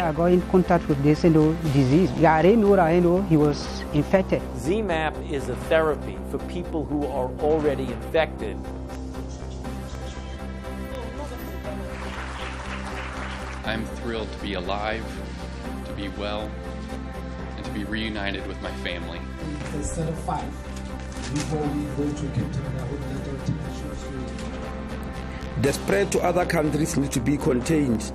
I got in contact with this you know, disease. I didn't know that you know, he was infected. ZMAP is a therapy for people who are already infected. I'm thrilled to be alive, to be well, and to be reunited with my family. Instead of five, we we go to Captain the spread to other countries needs to be contained